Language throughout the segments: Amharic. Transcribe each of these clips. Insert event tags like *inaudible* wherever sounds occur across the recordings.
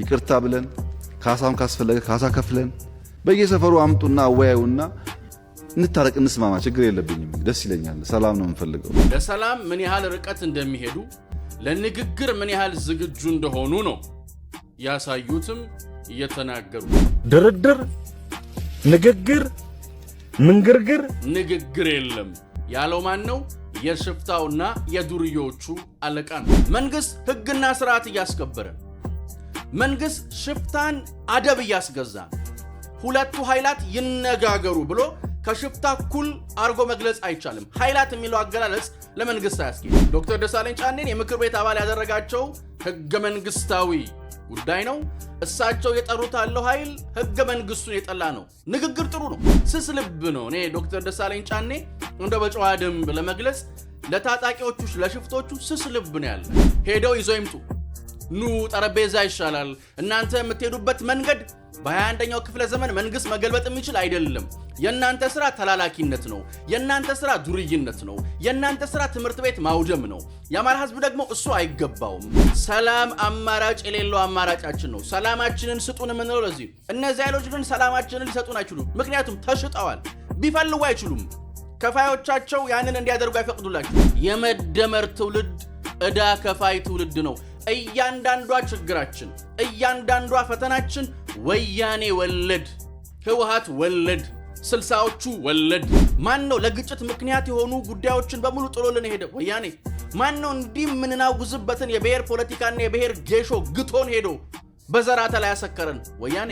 ይቅርታ ብለን ካሳም ካስፈለገ ካሳ ከፍለን በየሰፈሩ አምጡና አወያዩና እንታረቅ፣ እንስማማ። ችግር የለብኝም፣ ደስ ይለኛል። ሰላም ነው የምፈልገው። ለሰላም ምን ያህል ርቀት እንደሚሄዱ ለንግግር ምን ያህል ዝግጁ እንደሆኑ ነው ያሳዩትም እየተናገሩ ድርድር፣ ንግግር፣ ምንግርግር፣ ንግግር የለም ያለው ማን ነው? የሽፍታውና የዱርዮቹ አለቃ ነው። መንግሥት ሕግና ስርዓት እያስከበረ መንግሥት ሽፍታን አደብ እያስገዛ ሁለቱ ኃይላት ይነጋገሩ ብሎ ከሽፍታ እኩል አድርጎ መግለጽ አይቻልም። ኃይላት የሚለው አገላለጽ ለመንግሥት አያስኬድም። ዶክተር ደሳለኝ ጫኔን የምክር ቤት አባል ያደረጋቸው ህገ መንግሥታዊ ጉዳይ ነው። እሳቸው የጠሩት ያለው ኃይል ህገ መንግሥቱን የጠላ ነው። ንግግር ጥሩ ነው፣ ስስ ልብ ነው። እኔ ዶክተር ደሳለኝ ጫኔ እንደ በጨዋ ደንብ ለመግለጽ ለታጣቂዎቹ ለሽፍቶቹ ስስ ልብ ነው ያለ ሄደው ይዞ ይምጡ ኑ ጠረጴዛ ይሻላል። እናንተ የምትሄዱበት መንገድ በ21ኛው ክፍለ ዘመን መንግስት መገልበጥ የሚችል አይደለም። የእናንተ ስራ ተላላኪነት ነው። የእናንተ ስራ ዱርይነት ነው። የእናንተ ስራ ትምህርት ቤት ማውደም ነው። የአማራ ሕዝብ ደግሞ እሱ አይገባውም። ሰላም አማራጭ የሌለው አማራጫችን ነው። ሰላማችንን ስጡን የምንለው ለዚህ። እነዚህ ኃይሎች ግን ሰላማችንን ሊሰጡን አይችሉም። ምክንያቱም ተሽጠዋል። ቢፈልጉ አይችሉም። ከፋዮቻቸው ያንን እንዲያደርጉ አይፈቅዱላቸው። የመደመር ትውልድ ዕዳ ከፋይ ትውልድ ነው። እያንዳንዷ ችግራችን፣ እያንዳንዷ ፈተናችን ወያኔ ወለድ፣ ህወሓት ወለድ፣ ስልሳዎቹ ወለድ። ማን ነው ለግጭት ምክንያት የሆኑ ጉዳዮችን በሙሉ ጥሎልን ሄደ? ወያኔ። ማን ነው እንዲህ የምንናውዝበትን የብሔር ፖለቲካና የብሔር ጌሾ ግቶን ሄዶ በዘራተ ላይ ያሰከረን? ወያኔ።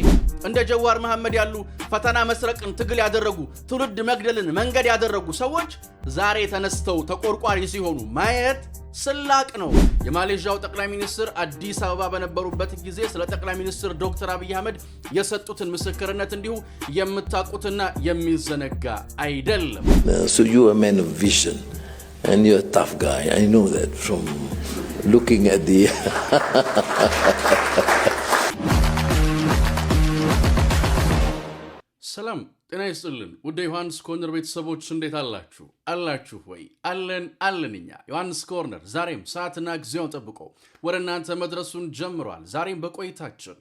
እንደ ጀዋር መሐመድ ያሉ ፈተና መስረቅን ትግል ያደረጉ ትውልድ መግደልን መንገድ ያደረጉ ሰዎች ዛሬ ተነስተው ተቆርቋሪ ሲሆኑ ማየት ስላቅ ነው። የማሌዥያው ጠቅላይ ሚኒስትር አዲስ አበባ በነበሩበት ጊዜ ስለ ጠቅላይ ሚኒስትር ዶክተር አብይ አህመድ የሰጡትን ምስክርነት እንዲሁ የምታውቁትና የሚዘነጋ አይደለም። *laughs* ጤና ይስጥልን ውደ ዮሐንስ ኮርነር ቤተሰቦች እንዴት አላችሁ? አላችሁ ወይ? አለን አለን። እኛ ዮሐንስ ኮርነር ዛሬም ሰዓትና ጊዜውን ጠብቆ ወደ እናንተ መድረሱን ጀምሯል። ዛሬም በቆይታችን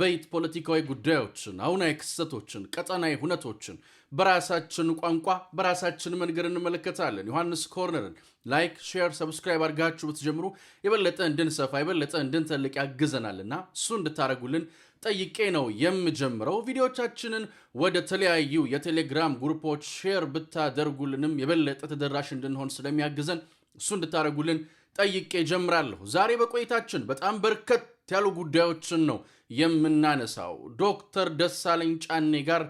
በይት ፖለቲካዊ ጉዳዮችን፣ አሁናዊ ክስተቶችን፣ ቀጠናዊ ሁነቶችን በራሳችን ቋንቋ በራሳችን መንገድ እንመለከታለን። ዮሐንስ ኮርነርን ላይክ፣ ሼር፣ ሰብስክራይብ አድርጋችሁ ብትጀምሩ የበለጠ እንድንሰፋ የበለጠ እንድንተልቅ ያግዘናልና እሱ እንድታደረጉልን ጠይቄ ነው የምጀምረው። ቪዲዮቻችንን ወደ ተለያዩ የቴሌግራም ግሩፖች ሼር ብታደርጉልንም የበለጠ ተደራሽ እንድንሆን ስለሚያግዘን እሱ እንድታደርጉልን ጠይቄ ጀምራለሁ። ዛሬ በቆይታችን በጣም በርከት ያሉ ጉዳዮችን ነው የምናነሳው። ዶክተር ደሳለኝ ጫኔ ጋር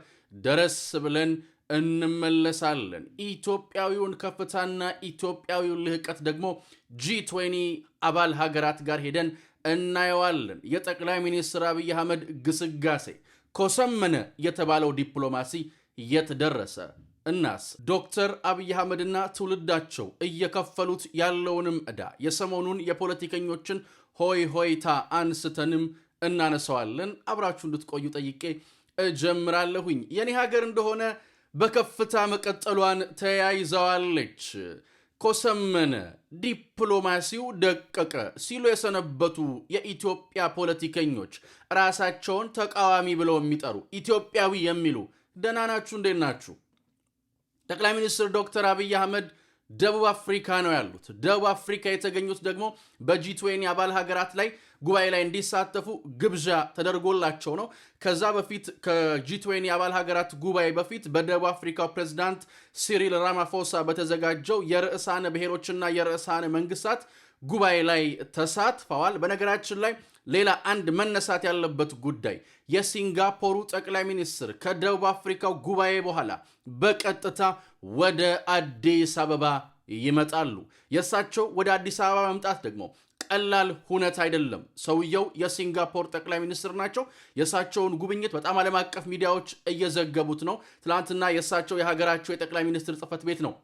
ደረስ ብለን እንመለሳለን። ኢትዮጵያዊውን ከፍታና ኢትዮጵያዊውን ልህቀት ደግሞ ጂ20 አባል ሀገራት ጋር ሄደን እናየዋለን። የጠቅላይ ሚኒስትር አብይ አህመድ ግስጋሴ ኮሰመነ የተባለው ዲፕሎማሲ የት ደረሰ? እናስ ዶክተር አብይ አህመድና ትውልዳቸው እየከፈሉት ያለውንም ዕዳ የሰሞኑን የፖለቲከኞችን ሆይ ሆይታ አንስተንም እናነሰዋለን አብራችሁ እንድትቆዩ ጠይቄ እጀምራለሁኝ። የኔ ሀገር እንደሆነ በከፍታ መቀጠሏን ተያይዘዋለች። ኮሰመነ፣ ዲፕሎማሲው ደቀቀ ሲሉ የሰነበቱ የኢትዮጵያ ፖለቲከኞች ራሳቸውን ተቃዋሚ ብለው የሚጠሩ ኢትዮጵያዊ የሚሉ ደህና ናችሁ? እንዴት ናችሁ? ጠቅላይ ሚኒስትር ዶክተር አብይ አህመድ ደቡብ አፍሪካ ነው ያሉት። ደቡብ አፍሪካ የተገኙት ደግሞ በጂ20 አባል ሀገራት ላይ ጉባኤ ላይ እንዲሳተፉ ግብዣ ተደርጎላቸው ነው። ከዛ በፊት ከጂ20 አባል ሀገራት ጉባኤ በፊት በደቡብ አፍሪካው ፕሬዚዳንት ሲሪል ራማፎሳ በተዘጋጀው የርዕሳነ ብሔሮችና የርዕሳነ መንግስታት ጉባኤ ላይ ተሳትፈዋል። በነገራችን ላይ ሌላ አንድ መነሳት ያለበት ጉዳይ የሲንጋፖሩ ጠቅላይ ሚኒስትር ከደቡብ አፍሪካው ጉባኤ በኋላ በቀጥታ ወደ አዲስ አበባ ይመጣሉ። የእሳቸው ወደ አዲስ አበባ መምጣት ደግሞ ቀላል ሁነት አይደለም። ሰውየው የሲንጋፖር ጠቅላይ ሚኒስትር ናቸው። የእሳቸውን ጉብኝት በጣም ዓለም አቀፍ ሚዲያዎች እየዘገቡት ነው። ትናንትና የእሳቸው የሀገራቸው የጠቅላይ ሚኒስትር ጽህፈት ቤት ነው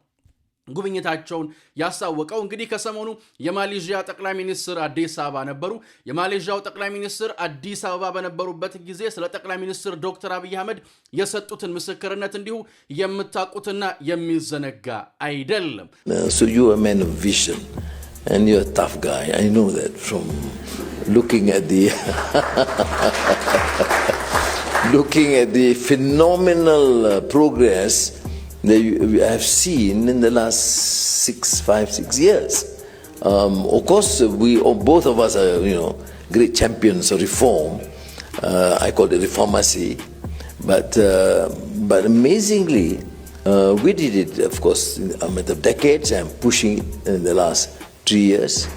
ጉብኝታቸውን ያሳወቀው። እንግዲህ ከሰሞኑ የማሌዥያ ጠቅላይ ሚኒስትር አዲስ አበባ ነበሩ። የማሌዥያው ጠቅላይ ሚኒስትር አዲስ አበባ በነበሩበት ጊዜ ስለ ጠቅላይ ሚኒስትር ዶክተር አብይ አህመድ የሰጡትን ምስክርነት እንዲሁ የምታውቁትና የሚዘነጋ አይደለም። uh, And you're a tough guy. I know that from looking at the *laughs* looking at the phenomenal uh, progress that we have seen in the last six, five, six years. Um, of course, we oh, both of us are you know great champions of reform. Uh, I call it reformacy, but uh, but amazingly, uh, we did it. Of course, in a matter of decades. I'm pushing in the last three years.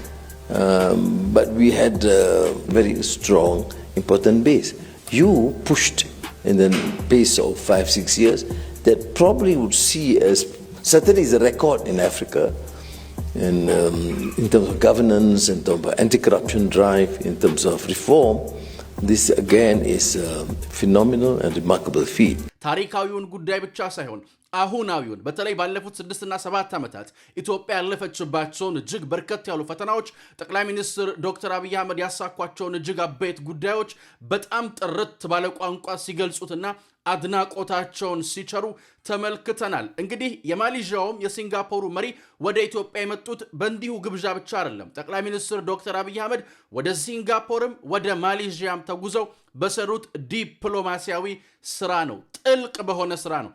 Um, but we had a very strong, important base. You pushed in the pace of five, six years that probably would see as certainly is a record in Africa in, um, in terms of governance, in terms of anti corruption drive, in terms of reform. This again is a phenomenal and remarkable feat. ታሪካዊውን ጉዳይ ብቻ ሳይሆን አሁናዊውን በተለይ ባለፉት ስድስትና ሰባት ዓመታት ኢትዮጵያ ያለፈችባቸውን እጅግ በርከት ያሉ ፈተናዎች ጠቅላይ ሚኒስትር ዶክተር አብይ አህመድ ያሳኳቸውን እጅግ አበይት ጉዳዮች በጣም ጥርት ባለ ቋንቋ ሲገልጹትና አድናቆታቸውን ሲቸሩ ተመልክተናል። እንግዲህ የማሌዥያውም የሲንጋፖሩ መሪ ወደ ኢትዮጵያ የመጡት በእንዲሁ ግብዣ ብቻ አይደለም። ጠቅላይ ሚኒስትር ዶክተር አብይ አህመድ ወደ ሲንጋፖርም ወደ ማሌዥያም ተጉዘው በሰሩት ዲፕሎማሲያዊ ስራ ነው፣ ጥልቅ በሆነ ስራ ነው።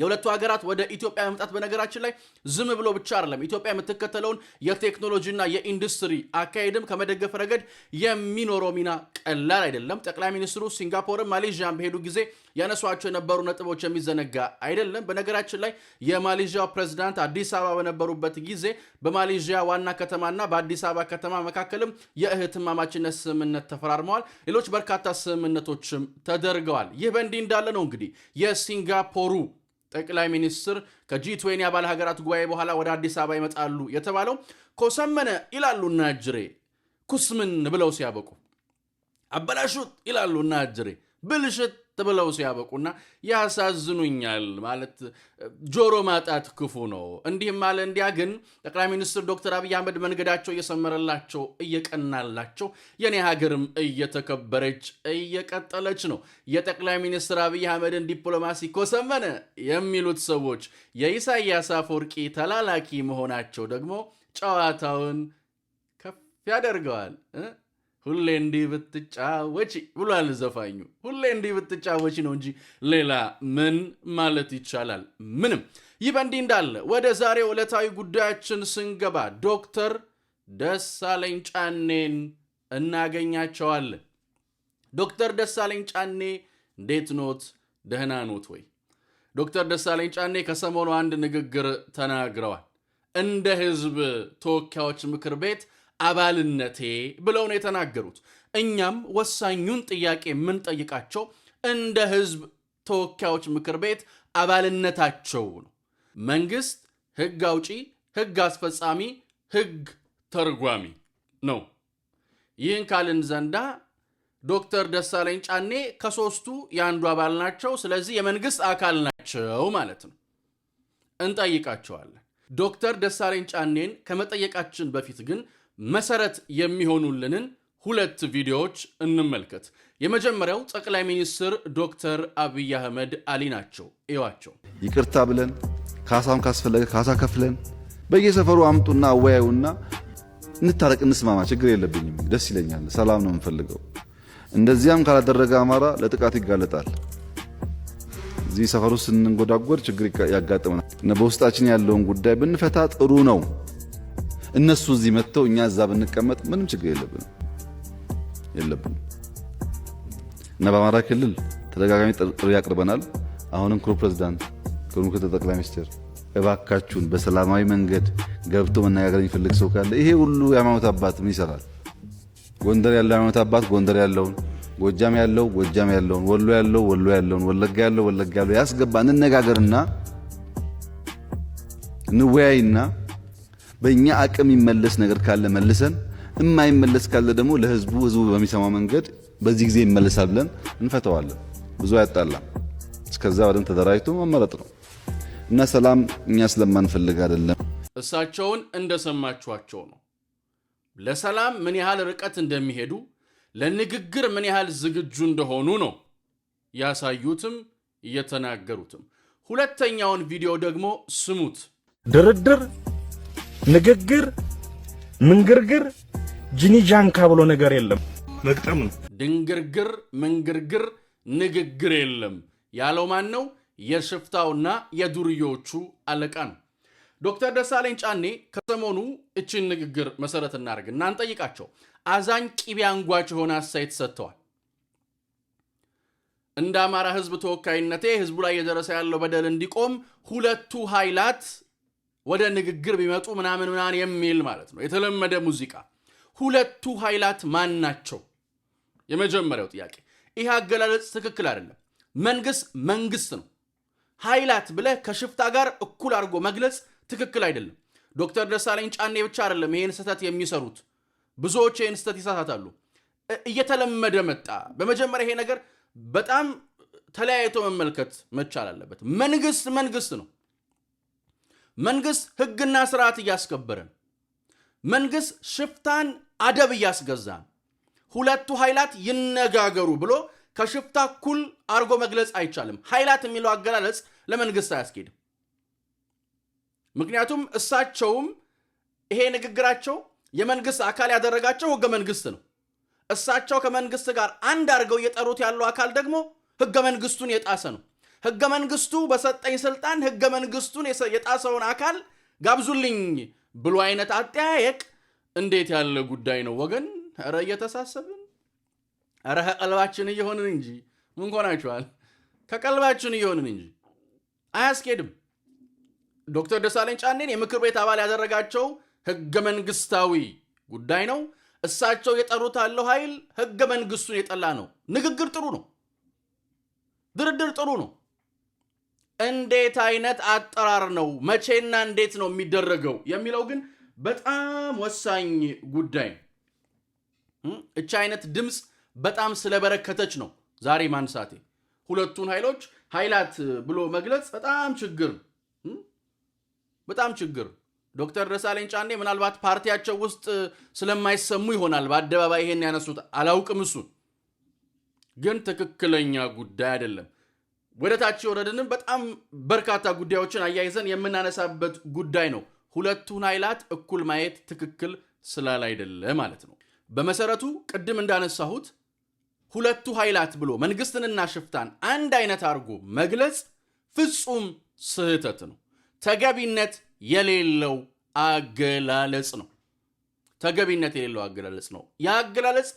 የሁለቱ ሀገራት ወደ ኢትዮጵያ መምጣት በነገራችን ላይ ዝም ብሎ ብቻ አይደለም። ኢትዮጵያ የምትከተለውን የቴክኖሎጂና የኢንዱስትሪ አካሄድም ከመደገፍ ረገድ የሚኖረው ሚና ቀላል አይደለም። ጠቅላይ ሚኒስትሩ ሲንጋፖርን፣ ማሌዥያን በሄዱ ጊዜ ያነሷቸው የነበሩ ነጥቦች የሚዘነጋ አይደለም። በነገራችን ላይ የማሌዥያ ፕሬዚዳንት አዲስ አበባ በነበሩበት ጊዜ በማሌዥያ ዋና ከተማና በአዲስ አበባ ከተማ መካከልም የእህትማማችነት ስምምነት ተፈራርመዋል። ሌሎች በርካታ ስምምነቶችም ተደርገዋል። ይህ በእንዲህ እንዳለ ነው እንግዲህ የሲንጋፖሩ ጠቅላይ ሚኒስትር ከጂ20 አባል ሀገራት ጉባኤ በኋላ ወደ አዲስ አበባ ይመጣሉ የተባለው ኮሰመነ ይላሉ እና እጅሬ ኩስምን ብለው ሲያበቁ አበላሹት ይላሉ እና እጅሬ ብልሽት ብለው ሲያበቁና ያሳዝኑኛል። ማለት ጆሮ ማጣት ክፉ ነው። እንዲህም አለ እንዲያ ግን ጠቅላይ ሚኒስትር ዶክተር አብይ አህመድ መንገዳቸው እየሰመረላቸው እየቀናላቸው፣ የኔ ሀገርም እየተከበረች እየቀጠለች ነው። የጠቅላይ ሚኒስትር አብይ አህመድን ዲፕሎማሲ ኮሰመነ የሚሉት ሰዎች የኢሳያስ አፈወርቂ ተላላኪ መሆናቸው ደግሞ ጨዋታውን ከፍ ያደርገዋል። ሁሌ እንዲህ ብትጫወች ብሏል ዘፋኙ። ሁሌ እንዲህ ብትጫወች ነው እንጂ ሌላ ምን ማለት ይቻላል? ምንም። ይህ በእንዲህ እንዳለ ወደ ዛሬው ዕለታዊ ጉዳያችን ስንገባ ዶክተር ደሳለኝ ጫኔን እናገኛቸዋለን። ዶክተር ደሳለኝ ጫኔ እንዴት ኖት? ደህና ኖት ወይ? ዶክተር ደሳለኝ ጫኔ ከሰሞኑ አንድ ንግግር ተናግረዋል። እንደ ህዝብ ተወካዮች ምክር ቤት አባልነቴ ብለው ነው የተናገሩት። እኛም ወሳኙን ጥያቄ የምንጠይቃቸው እንደ ህዝብ ተወካዮች ምክር ቤት አባልነታቸው ነው። መንግስት ህግ አውጪ፣ ህግ አስፈጻሚ፣ ህግ ተርጓሚ ነው። ይህን ካልን ዘንዳ ዶክተር ደሳለኝ ጫኔ ከሶስቱ የአንዱ አባል ናቸው። ስለዚህ የመንግስት አካል ናቸው ማለት ነው። እንጠይቃቸዋለን። ዶክተር ደሳለኝ ጫኔን ከመጠየቃችን በፊት ግን መሰረት የሚሆኑልንን ሁለት ቪዲዮዎች እንመልከት። የመጀመሪያው ጠቅላይ ሚኒስትር ዶክተር አብይ አህመድ አሊ ናቸው። እዩዋቸው። ይቅርታ ብለን ካሳም ካስፈለገ ካሳ ከፍለን በየሰፈሩ አምጡና አወያዩና እንታረቅ፣ እንስማማ፣ ችግር የለብኝም፣ ደስ ይለኛል፣ ሰላም ነው የምፈልገው። እንደዚያም ካላደረገ አማራ ለጥቃት ይጋለጣል። እዚህ ሰፈሩ ስንንጎዳጎድ ችግር ያጋጥመናል። በውስጣችን ያለውን ጉዳይ ብንፈታ ጥሩ ነው እነሱ እዚህ መጥተው እኛ እዛ ብንቀመጥ ምንም ችግር የለብን የለብን እና በአማራ ክልል ተደጋጋሚ ጥሪ ያቅርበናል። አሁንም ክሩ ፕሬዚዳንት፣ ክቡር ምክትል ጠቅላይ ሚኒስትር እባካችሁን በሰላማዊ መንገድ ገብቶ መነጋገር የሚፈልግ ሰው ካለ ይሄ ሁሉ የሃይማኖት አባት ምን ይሰራል? ጎንደር ያለው ሃይማኖት አባት ጎንደር ያለውን፣ ጎጃም ያለው ጎጃም ያለውን፣ ወሎ ያለው ወሎ ያለውን፣ ወለጋ ያለው ወለጋ ያለው ያስገባ እንነጋገርና እንወያይና በእኛ አቅም ይመለስ ነገር ካለ መልሰን፣ እማይመለስ ካለ ደግሞ ለህዝቡ ህዝቡ በሚሰማ መንገድ በዚህ ጊዜ ይመለሳል ብለን እንፈተዋለን። ብዙ አያጣላም። እስከዛ በደንብ ተደራጅቶ መመረጥ ነው እና ሰላም እኛ ስለማንፈልግ አይደለም። እሳቸውን እንደሰማችኋቸው ነው። ለሰላም ምን ያህል ርቀት እንደሚሄዱ ለንግግር ምን ያህል ዝግጁ እንደሆኑ ነው ያሳዩትም እየተናገሩትም። ሁለተኛውን ቪዲዮ ደግሞ ስሙት። ድርድር ንግግር ምንግርግር ጅኒ ጃንካ ብሎ ነገር የለም። መግጠም ነው። ድንግርግር ምንግርግር ንግግር የለም ያለው ማን ነው? የሽፍታውና የዱርዮቹ አለቃ ነው። ዶክተር ደሳለኝ ጫኔ ከሰሞኑ እችን ንግግር መሰረት እናደርግ እና እንጠይቃቸው። አዛኝ ቂቤ አንጓች የሆነ አስተያየት ሰጥተዋል። እንደ አማራ ሕዝብ ተወካይነቴ ሕዝቡ ላይ እየደረሰ ያለው በደል እንዲቆም ሁለቱ ኃይላት ወደ ንግግር ቢመጡ ምናምን ምናምን የሚል ማለት ነው። የተለመደ ሙዚቃ። ሁለቱ ኃይላት ማን ናቸው? የመጀመሪያው ጥያቄ። ይህ አገላለጽ ትክክል አይደለም። መንግስት መንግስት ነው። ኃይላት ብለህ ከሽፍታ ጋር እኩል አድርጎ መግለጽ ትክክል አይደለም። ዶክተር ደሳለኝ ጫኔ ብቻ አይደለም ይህን ስህተት የሚሰሩት፣ ብዙዎች ይህን ስህተት ይሳሳታሉ። እየተለመደ መጣ። በመጀመሪያ ይሄ ነገር በጣም ተለያይቶ መመልከት መቻል አለበት። መንግስት መንግስት ነው። መንግስት ህግና ስርዓት እያስከበረን፣ መንግስት ሽፍታን አደብ እያስገዛን፣ ሁለቱ ኃይላት ይነጋገሩ ብሎ ከሽፍታ እኩል አድርጎ መግለጽ አይቻልም። ኃይላት የሚለው አገላለጽ ለመንግስት አያስኬድም። ምክንያቱም እሳቸውም ይሄ ንግግራቸው የመንግስት አካል ያደረጋቸው ህገ መንግስት ነው። እሳቸው ከመንግስት ጋር አንድ አድርገው እየጠሩት ያለው አካል ደግሞ ህገ መንግስቱን የጣሰ ነው። ህገ መንግስቱ በሰጠኝ ስልጣን ህገ መንግስቱን የጣሰውን አካል ጋብዙልኝ ብሎ አይነት አጠያየቅ እንዴት ያለ ጉዳይ ነው ወገን? ኧረ እየተሳሰብን ኧረ ከቀልባችን እየሆንን እንጂ ምን ሆናችኋል? ከቀልባችን እየሆንን እንጂ አያስኬድም። ዶክተር ደሳለኝ ጫኔን የምክር ቤት አባል ያደረጋቸው ህገ መንግስታዊ ጉዳይ ነው። እሳቸው የጠሩት ያለው ኃይል ህገ መንግስቱን የጠላ ነው። ንግግር ጥሩ ነው። ድርድር ጥሩ ነው። እንዴት አይነት አጠራር ነው መቼና እንዴት ነው የሚደረገው የሚለው ግን በጣም ወሳኝ ጉዳይ ነው። እቺ አይነት ድምፅ በጣም ስለበረከተች ነው ዛሬ ማንሳቴ። ሁለቱን ኃይሎች ኃይላት ብሎ መግለጽ በጣም ችግር በጣም ችግር። ዶክተር ደሳለኝ ጫኔ ምናልባት ፓርቲያቸው ውስጥ ስለማይሰሙ ይሆናል በአደባባይ ይሄን ያነሱት አላውቅም። እሱን ግን ትክክለኛ ጉዳይ አይደለም። ወደ ታች የወረድንም በጣም በርካታ ጉዳዮችን አያይዘን የምናነሳበት ጉዳይ ነው። ሁለቱን ኃይላት እኩል ማየት ትክክል ስላላይደለ ማለት ነው። በመሰረቱ ቅድም እንዳነሳሁት ሁለቱ ኃይላት ብሎ መንግስትንና ሽፍታን አንድ አይነት አድርጎ መግለጽ ፍጹም ስህተት ነው። ተገቢነት የሌለው አገላለጽ ነው። ተገቢነት የሌለው አገላለጽ ነው። ያ አገላለጽ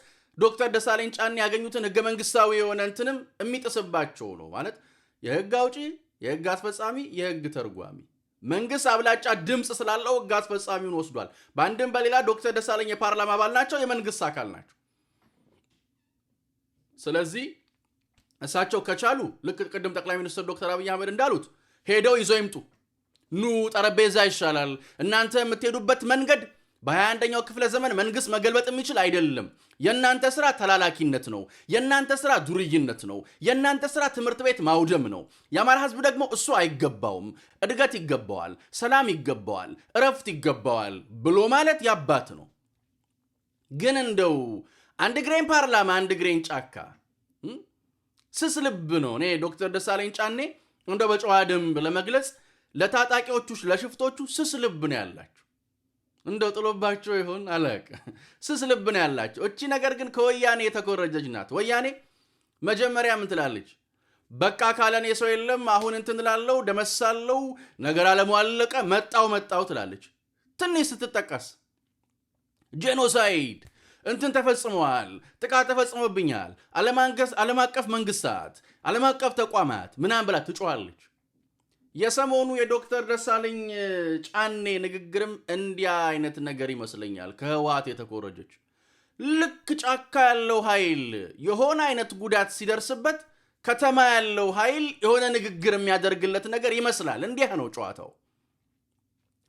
ዶክተር ደሳለኝ ጫኔ ያገኙትን ህገ መንግስታዊ የሆነ እንትንም የሚጥስባቸው ነው ማለት የህግ አውጪ፣ የህግ አስፈጻሚ፣ የህግ ተርጓሚ መንግስት አብላጫ ድምፅ ስላለው ህግ አስፈጻሚውን ወስዷል። በአንድም በሌላ ዶክተር ደሳለኝ የፓርላማ አባል ናቸው፣ የመንግስት አካል ናቸው። ስለዚህ እሳቸው ከቻሉ ልክ ቅድም ጠቅላይ ሚኒስትር ዶክተር አብይ አህመድ እንዳሉት ሄደው ይዘው ይምጡ። ኑ ጠረጴዛ ይሻላል፣ እናንተ የምትሄዱበት መንገድ በ21ኛው ክፍለ ዘመን መንግስት መገልበጥ የሚችል አይደለም። የእናንተ ስራ ተላላኪነት ነው። የእናንተ ስራ ዱርይነት ነው። የእናንተ ስራ ትምህርት ቤት ማውደም ነው። የአማራ ህዝብ ደግሞ እሱ አይገባውም፣ እድገት ይገባዋል፣ ሰላም ይገባዋል፣ እረፍት ይገባዋል ብሎ ማለት ያባት ነው። ግን እንደው አንድ ግሬን ፓርላማ አንድ ግሬን ጫካ ስስ ልብ ነው። እኔ ዶክተር ደሳለኝ ጫኔ እንደው በጨዋ ደንብ ለመግለጽ ለታጣቂዎቹ ለሽፍቶቹ ስስ ልብ ነው ያላቸው። እንደው ጥሎባቸው ይሆን አለቅ ስስ ልብ ነው ያላቸው። እቺ ነገር ግን ከወያኔ የተኮረጀች ናት። ወያኔ መጀመሪያ ምን ትላለች? በቃ ካለን የሰው የለም አሁን እንትን ትላለው ደመሳለው ነገር አለሟለቀ መጣው መጣው ትላለች። ትንሽ ስትጠቀስ ጄኖሳይድ እንትን ተፈጽመዋል፣ ጥቃት ተፈጽሞብኛል፣ ዓለም አቀፍ መንግስታት፣ ዓለም አቀፍ ተቋማት ምናምን ብላ ትጮዋለች። የሰሞኑ የዶክተር ደሳለኝ ጫኔ ንግግርም እንዲያ አይነት ነገር ይመስለኛል። ከህወሓት የተኮረጀች ልክ ጫካ ያለው ኃይል የሆነ አይነት ጉዳት ሲደርስበት ከተማ ያለው ኃይል የሆነ ንግግር የሚያደርግለት ነገር ይመስላል። እንዲያ ነው ጨዋታው።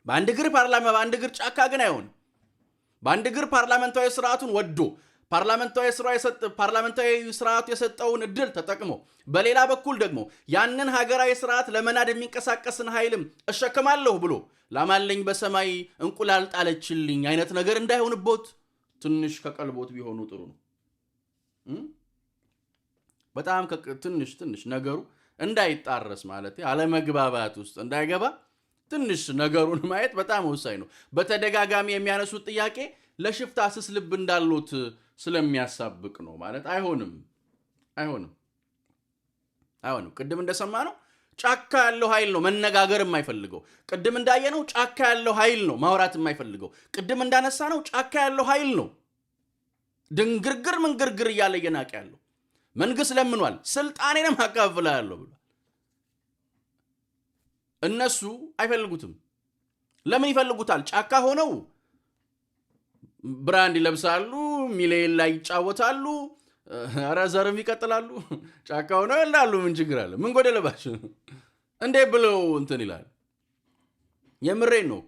በአንድ እግር ፓርላማ፣ በአንድ እግር ጫካ ግን አይሆንም። በአንድ እግር ፓርላመንታዊ ስርዓቱን ወዶ ፓርላመንታዊ ስራ ፓርላመንታዊ ስርዓቱ የሰጠውን እድል ተጠቅሞ በሌላ በኩል ደግሞ ያንን ሀገራዊ ስርዓት ለመናድ የሚንቀሳቀስን ኃይልም እሸከማለሁ ብሎ ላማለኝ በሰማይ እንቁላል ጣለችልኝ አይነት ነገር እንዳይሆንቦት ትንሽ ከቀልቦት ቢሆኑ ጥሩ ነው። በጣም ትንሽ ትንሽ ነገሩ እንዳይጣረስ ማለት አለመግባባት ውስጥ እንዳይገባ ትንሽ ነገሩን ማየት በጣም ወሳኝ ነው። በተደጋጋሚ የሚያነሱት ጥያቄ ለሽፍታ ስስ ልብ እንዳሉት ስለሚያሳብቅ ነው ማለት አይሆንም። አይሆንም፣ አይሆንም። ቅድም እንደሰማ ነው ጫካ ያለው ኃይል ነው መነጋገር የማይፈልገው። ቅድም እንዳየ ነው ጫካ ያለው ኃይል ነው ማውራት የማይፈልገው። ቅድም እንዳነሳ ነው ጫካ ያለው ኃይል ነው ድንግርግር ምንግርግር እያለ እየናቀ ያለው። መንግስት ለምኗል፣ ስልጣኔንም አካፍላለሁ ብሏል። እነሱ አይፈልጉትም። ለምን ይፈልጉታል? ጫካ ሆነው ብራንድ ይለብሳሉ፣ ሚሌን ላይ ይጫወታሉ፣ ኧረ ዘርም ይቀጥላሉ። ጫካ ሆነው ይላሉ። ምን ችግር አለ? ምን ጎደለባቸው? እንዴ ብለው እንትን ይላል። የምሬን ነው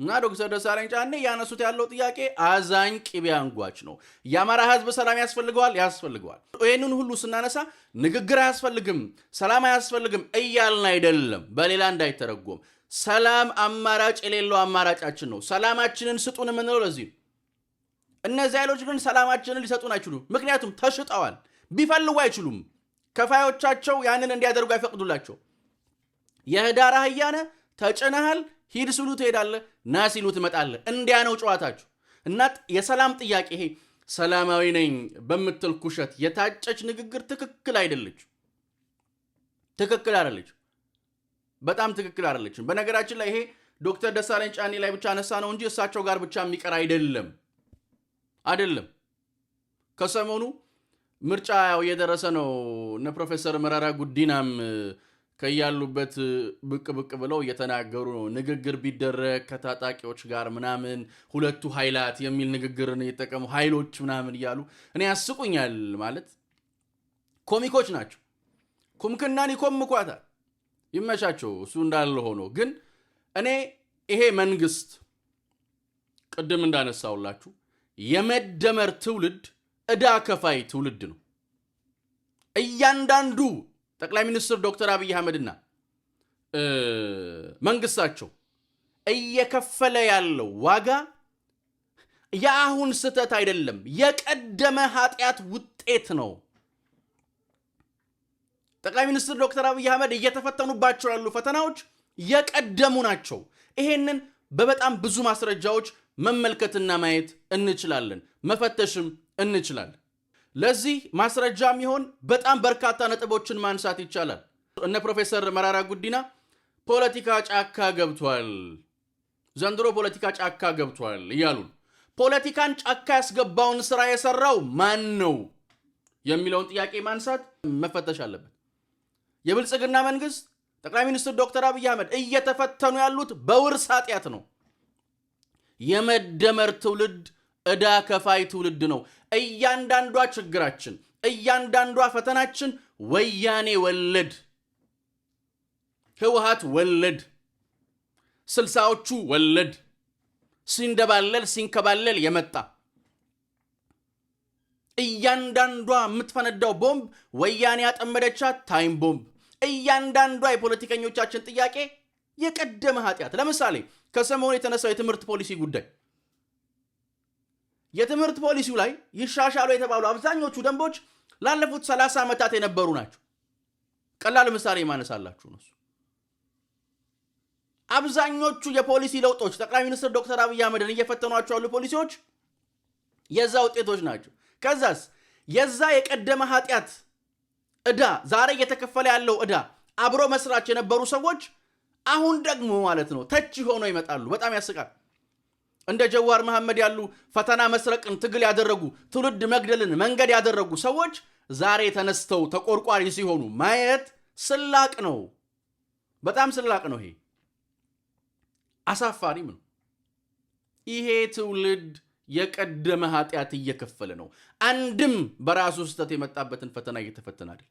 እና ዶክተር ደሳለኝ ጫኔ ያነሱት ያለው ጥያቄ አዛኝ ቅቤ አንጓች ነው። የአማራ ሕዝብ ሰላም ያስፈልገዋል ያስፈልገዋል። ይህንን ሁሉ ስናነሳ ንግግር አያስፈልግም፣ ሰላም አያስፈልግም እያልን አይደለም፣ በሌላ እንዳይተረጎም ሰላም አማራጭ የሌለው አማራጫችን ነው። ሰላማችንን ስጡን የምንለው ለዚህ እነዚህ ኃይሎች ግን ሰላማችንን ሊሰጡን አይችሉም። ምክንያቱም ተሽጠዋል። ቢፈልጉ አይችሉም። ከፋዮቻቸው ያንን እንዲያደርጉ አይፈቅዱላቸው። የህዳር ህያነ ተጭነሃል፣ ሂድ ሲሉ ትሄዳለህ፣ ና ሲሉ ትመጣለህ። እንዲያ ነው ጨዋታችሁ እና የሰላም ጥያቄ ይሄ ሰላማዊ ነኝ በምትል ኩሸት የታጨች ንግግር ትክክል አይደለች፣ ትክክል አይደለች። በጣም ትክክል አይደለችም። በነገራችን ላይ ይሄ ዶክተር ደሳለኝ ጫኔ ላይ ብቻ አነሳ ነው እንጂ እሳቸው ጋር ብቻ የሚቀር አይደለም አይደለም። ከሰሞኑ ምርጫ ያው እየደረሰ ነው። እነ ፕሮፌሰር መረራ ጉዲናም ከያሉበት ብቅ ብቅ ብለው እየተናገሩ ነው። ንግግር ቢደረግ ከታጣቂዎች ጋር ምናምን ሁለቱ ኃይላት የሚል ንግግርን እየተጠቀሙ ኃይሎች ምናምን እያሉ እኔ ያስቁኛል። ማለት ኮሚኮች ናቸው። ኩምክናን ይኮምኳታል። ይመቻቸው። እሱ እንዳለ ሆኖ ግን እኔ ይሄ መንግስት ቅድም እንዳነሳውላችሁ የመደመር ትውልድ እዳ ከፋይ ትውልድ ነው። እያንዳንዱ ጠቅላይ ሚኒስትር ዶክተር አብይ አህመድና መንግስታቸው እየከፈለ ያለው ዋጋ የአሁን ስህተት አይደለም፣ የቀደመ ኃጢአት ውጤት ነው። ጠቅላይ ሚኒስትር ዶክተር አብይ አህመድ እየተፈተኑባቸው ያሉ ፈተናዎች የቀደሙ ናቸው። ይሄንን በበጣም ብዙ ማስረጃዎች መመልከትና ማየት እንችላለን፣ መፈተሽም እንችላለን። ለዚህ ማስረጃ ይሆን በጣም በርካታ ነጥቦችን ማንሳት ይቻላል። እነ ፕሮፌሰር መራራ ጉዲና ፖለቲካ ጫካ ገብቷል፣ ዘንድሮ ፖለቲካ ጫካ ገብቷል እያሉን ፖለቲካን ጫካ ያስገባውን ስራ የሰራው ማን ነው የሚለውን ጥያቄ ማንሳት መፈተሽ አለበት። የብልጽግና መንግስት ጠቅላይ ሚኒስትር ዶክተር አብይ አህመድ እየተፈተኑ ያሉት በውርስ ኃጢአት ነው። የመደመር ትውልድ ዕዳ ከፋይ ትውልድ ነው። እያንዳንዷ ችግራችን፣ እያንዳንዷ ፈተናችን ወያኔ ወለድ፣ ህወሓት ወለድ፣ ስልሳዎቹ ወለድ ሲንደባለል ሲንከባለል የመጣ እያንዳንዷ የምትፈነዳው ቦምብ ወያኔ ያጠመደቻት ታይም ቦምብ እያንዳንዷ የፖለቲከኞቻችን ጥያቄ የቀደመ ኃጢአት። ለምሳሌ ከሰሞኑ የተነሳው የትምህርት ፖሊሲ ጉዳይ የትምህርት ፖሊሲው ላይ ይሻሻሉ የተባሉ አብዛኞቹ ደንቦች ላለፉት 30 ዓመታት የነበሩ ናቸው። ቀላል ምሳሌ ማነሳላችሁ ነው። አብዛኞቹ የፖሊሲ ለውጦች ጠቅላይ ሚኒስትር ዶክተር አብይ አህመድን እየፈተኗቸው ያሉ ፖሊሲዎች የዛ ውጤቶች ናቸው። ከዛስ የዛ የቀደመ ኃጢአት እዳ ዛሬ እየተከፈለ ያለው እዳ አብሮ መስራች የነበሩ ሰዎች አሁን ደግሞ ማለት ነው ተቺ ሆነው ይመጣሉ። በጣም ያስቃል። እንደ ጀዋር መሐመድ ያሉ ፈተና መስረቅን ትግል ያደረጉ ትውልድ መግደልን መንገድ ያደረጉ ሰዎች ዛሬ ተነስተው ተቆርቋሪ ሲሆኑ ማየት ስላቅ ነው። በጣም ስላቅ ነው። ይሄ አሳፋሪም ነው። ይሄ ትውልድ የቀደመ ኃጢአት እየከፈለ ነው። አንድም በራሱ ስህተት የመጣበትን ፈተና እየተፈተነ አይደል።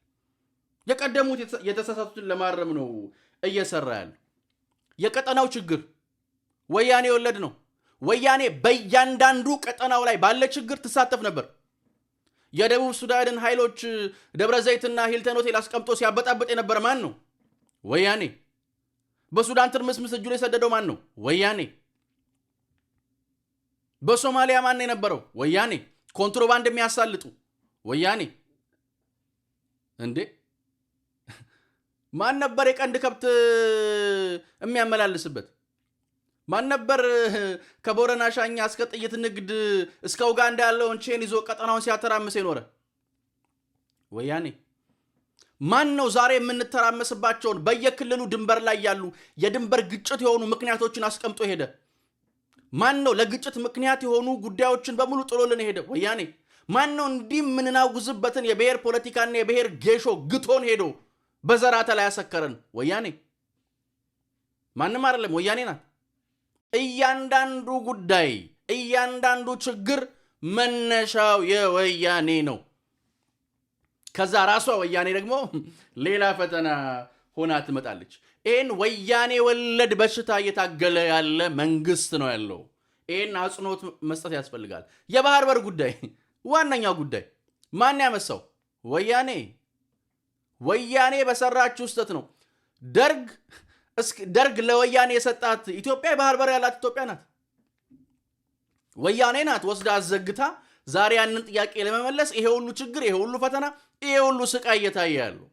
የቀደሙት የተሳሳቱትን ለማረም ነው እየሰራ ያለ። የቀጠናው ችግር ወያኔ የወለድ ነው። ወያኔ በእያንዳንዱ ቀጠናው ላይ ባለ ችግር ትሳተፍ ነበር። የደቡብ ሱዳንን ኃይሎች ደብረ ዘይትና ሂልተን ሆቴል አስቀምጦ ሲያበጣበጥ የነበረ ማን ነው? ወያኔ። በሱዳን ትርምስምስ እጁን የሰደደው ማን ነው? ወያኔ። በሶማሊያ ማን የነበረው? ወያኔ። ኮንትሮባንድ የሚያሳልጡ ወያኔ። እንዴ ማን ነበር የቀንድ ከብት የሚያመላልስበት? ማን ነበር ከቦረና ሻኛ እስከ ጥይት ንግድ እስከ ኡጋንዳ ያለውን ቼን ይዞ ቀጠናውን ሲያተራምስ የኖረ ወያኔ። ማን ነው ዛሬ የምንተራመስባቸውን በየክልሉ ድንበር ላይ ያሉ የድንበር ግጭት የሆኑ ምክንያቶችን አስቀምጦ ሄደ? ማን ነው ለግጭት ምክንያት የሆኑ ጉዳዮችን በሙሉ ጥሎልን ሄደ? ወያኔ ማን ነው እንዲህ የምንናውዝበትን የብሔር ፖለቲካና የብሔር ጌሾ ግቶን ሄዶ በዘራተ ላይ ያሰከረን? ወያኔ ማንም አይደለም፣ ወያኔ ናት። እያንዳንዱ ጉዳይ እያንዳንዱ ችግር መነሻው የወያኔ ነው። ከዛ ራሷ ወያኔ ደግሞ ሌላ ፈተና ሆና ትመጣለች። ይህን ወያኔ ወለድ በሽታ እየታገለ ያለ መንግስት ነው ያለው። ይህን አጽንኦት መስጠት ያስፈልጋል። የባህር በር ጉዳይ ዋነኛው ጉዳይ ማን ያመሳው? ወያኔ ወያኔ በሰራችው ስህተት ነው። ደርግ ደርግ ለወያኔ የሰጣት ኢትዮጵያ የባህር በር ያላት ኢትዮጵያ ናት። ወያኔ ናት ወስዳ አዘግታ ዛሬ ያንን ጥያቄ ለመመለስ ይሄ ሁሉ ችግር፣ ይሄ ሁሉ ፈተና፣ ይሄ ሁሉ ስቃይ እየታየ ያለው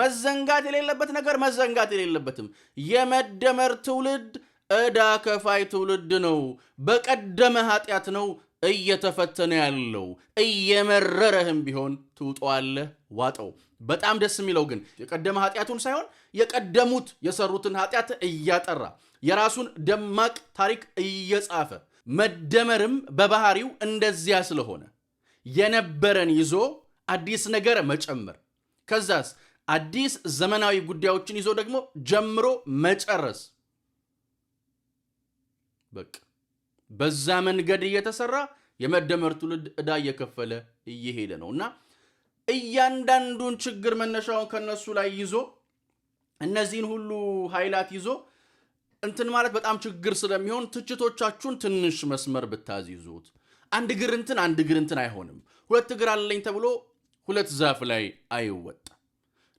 መዘንጋት የሌለበት ነገር መዘንጋት የሌለበትም የመደመር ትውልድ ዕዳ ከፋይ ትውልድ ነው። በቀደመ ኃጢአት ነው እየተፈተነ ያለው እየመረረህም ቢሆን ትውጠዋለህ፣ ዋጠው። በጣም ደስ የሚለው ግን የቀደመ ኃጢአቱን ሳይሆን የቀደሙት የሰሩትን ኃጢአት እያጠራ የራሱን ደማቅ ታሪክ እየጻፈ መደመርም በባህሪው እንደዚያ ስለሆነ የነበረን ይዞ አዲስ ነገር መጨመር ከዛስ አዲስ ዘመናዊ ጉዳዮችን ይዞ ደግሞ ጀምሮ መጨረስ በቃ በዛ መንገድ እየተሰራ የመደመር ትውልድ እዳ እየከፈለ እየሄደ ነው እና እያንዳንዱን ችግር መነሻውን ከነሱ ላይ ይዞ እነዚህን ሁሉ ኃይላት ይዞ እንትን ማለት በጣም ችግር ስለሚሆን ትችቶቻችሁን ትንሽ መስመር ብታዝይዙት አንድ እግር እንትን አንድ ግር እንትን አይሆንም። ሁለት እግር አለኝ ተብሎ ሁለት ዛፍ ላይ አይወጣ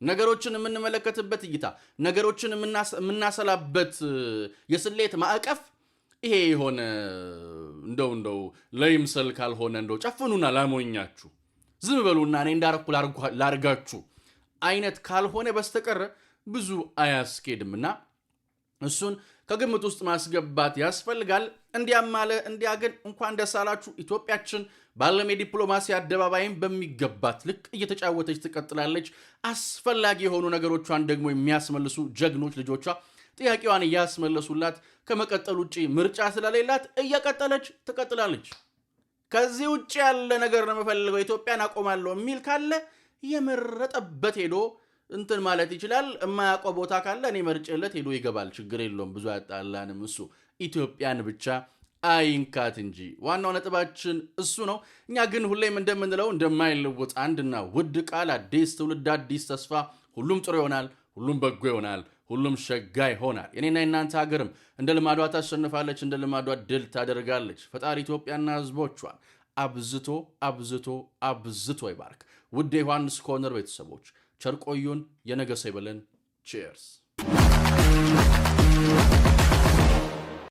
ነገሮችን የምንመለከትበት እይታ፣ ነገሮችን የምናሰላበት የስሌት ማዕቀፍ ይሄ የሆነ እንደው እንደው ለይምሰል ካልሆነ እንደው ጨፍኑና ላሞኛችሁ ዝም በሉና እኔ እንዳረኩ ላርጋችሁ አይነት ካልሆነ በስተቀረ ብዙ አያስኬድምና እሱን ከግምት ውስጥ ማስገባት ያስፈልጋል። እንዲያ ማለ እንዲያ ግን እንኳን ደስ አላችሁ። ኢትዮጵያችን በዓለም የዲፕሎማሲ አደባባይም በሚገባት ልክ እየተጫወተች ትቀጥላለች። አስፈላጊ የሆኑ ነገሮቿን ደግሞ የሚያስመልሱ ጀግኖች ልጆቿ ጥያቄዋን እያስመለሱላት ከመቀጠል ውጭ ምርጫ ስለሌላት እየቀጠለች ትቀጥላለች። ከዚህ ውጭ ያለ ነገር ነው የምፈልገው ኢትዮጵያን አቆማለሁ የሚል ካለ የመረጠበት ሄዶ እንትን ማለት ይችላል። የማያውቀው ቦታ ካለ እኔ መርጬለት ሄዶ ይገባል። ችግር የለውም። ብዙ አያጣላንም። እሱ ኢትዮጵያን ብቻ አይንካት እንጂ ዋናው ነጥባችን እሱ ነው። እኛ ግን ሁሌም እንደምንለው እንደማይለወጥ አንድና ውድ ቃል አዲስ ትውልድ፣ አዲስ ተስፋ፣ ሁሉም ጥሩ ይሆናል፣ ሁሉም በጎ ይሆናል፣ ሁሉም ሸጋ ይሆናል። የኔና የናንተ ሀገርም እንደ ልማዷ ታሸንፋለች፣ እንደ ልማዷ ድል ታደርጋለች። ፈጣሪ ኢትዮጵያና ሕዝቦቿን አብዝቶ አብዝቶ አብዝቶ ይባርክ። ውድ የዮሐንስ ኮርነር ቤተሰቦች ቸርቆዩን የነገ ሰው ይበለን። ቺየርስ